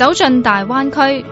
走進大灣區。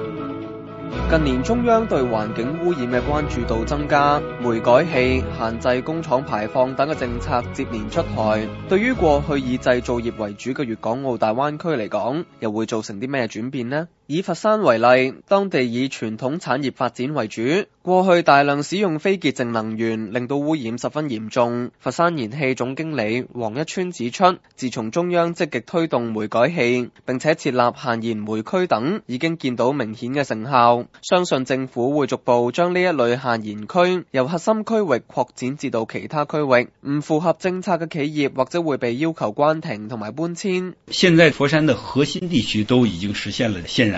近年中央對環境污染嘅關注度增加，煤改氣、限制工廠排放等嘅政策接連出台。對於過去以製造業為主嘅粵港澳大灣區嚟講，又會造成啲咩轉變呢？以佛山為例，當地以傳統產業發展為主，過去大量使用非潔淨能源，令到污染十分嚴重。佛山燃氣總經理黃一川指出，自從中央積極推動煤改氣，並且設立限燃煤區等，已經見到明顯嘅成效。相信政府會逐步將呢一類限燃區由核心區域擴展至到其他區域，唔符合政策嘅企業或者會被要求關停同埋搬遷。現在佛山的核心地區都已經實現了限燃。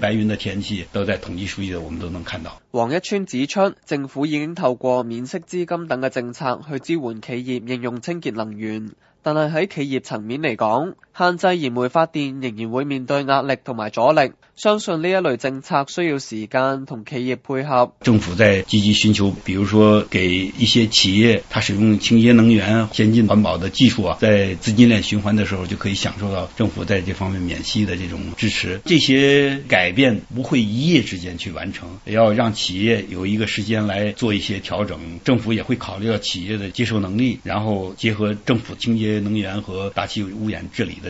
白雲嘅天氣都在統計數據，我們都能看到。黃一川指出，政府已經透過免息資金等嘅政策去支援企業應用清潔能源，但係喺企業層面嚟講，限制燃煤發電仍然會面對壓力同埋阻力，相信呢一類政策需要時間同企業配合。政府在積極尋求，比如說給一些企業，它使用清潔能源、先進環保的技術啊，在資金鏈循環的時候就可以享受到政府在這方面免息的這種支持。這些改變不會一夜之間去完成，也要讓企業有一個時間來做一些調整。政府也會考慮到企業的接受能力，然後結合政府清潔能源和大氣污染治理的，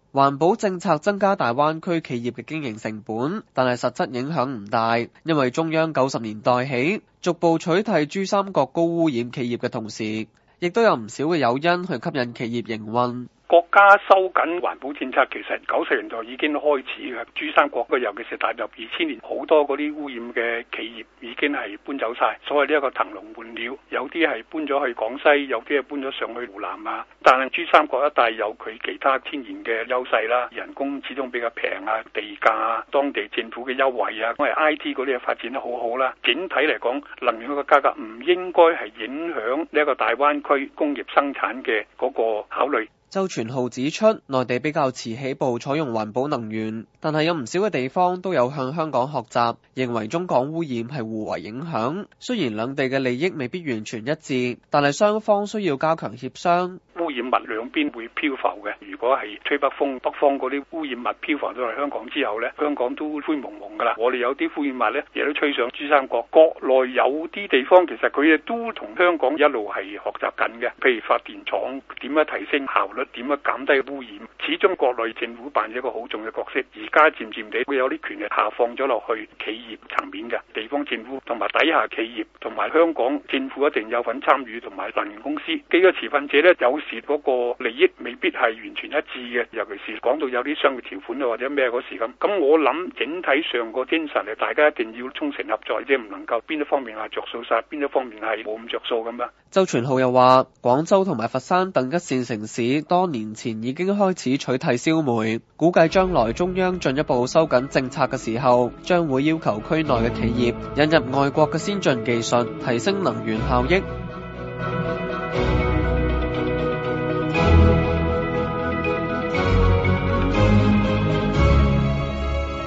環保政策增加大灣區企業嘅經營成本，但係實質影響唔大，因為中央九十年代起逐步取締珠三角高污染企業嘅同時，亦都有唔少嘅誘因去吸引企業營運。國家收緊環保政策，其實九十年代已經開始嘅。珠三角嘅，尤其是踏入二千年，好多嗰啲污染嘅企業已經係搬走晒。所謂呢一個騰籠換鳥，有啲係搬咗去廣西，有啲係搬咗上去湖南啊。但係珠三角一帶有佢其他天然嘅優勢啦，人工始終比較平啊，地價啊、當地政府嘅優惠啊，因為 I T 嗰啲嘢發展得好好啦。整體嚟講，能源個價格唔應該係影響呢一個大灣區工業生產嘅嗰個考慮。周全浩指出，內地比較遲起步採用環保能源，但係有唔少嘅地方都有向香港學習，認為中港污染係互為影響。雖然兩地嘅利益未必完全一致，但係雙方需要加強協商。污染物兩邊會漂浮嘅。如果係吹北風，北方嗰啲污染物漂浮到嚟香港之後咧，香港都灰蒙蒙噶啦。我哋有啲污染物咧，亦都吹上珠三角。國內有啲地方，其實佢哋都同香港一路係學習緊嘅。譬如發電廠點樣提升效率，點樣減低污染。始終國內政府扮演一個好重要嘅角色，而家漸漸地會有啲權力下放咗落去企業層面嘅地方政府，同埋底下企業，同埋香港政府一定有份參與，同埋能源公司。幾個持份者咧，有時。嗰個利益未必係完全一致嘅，尤其是講到有啲商業條款啊或者咩嗰時咁。咁我諗整體上個精神咧，大家一定要衷誠合作，即係唔能夠邊一方面係着數晒，邊一方面係冇咁着數咁啦。周全浩又話：廣州同埋佛山等一線城市多年前已經開始取締燒煤，估計將來中央進一步收緊政策嘅時候，將會要求區內嘅企業引入外國嘅先進技術，提升能源效益。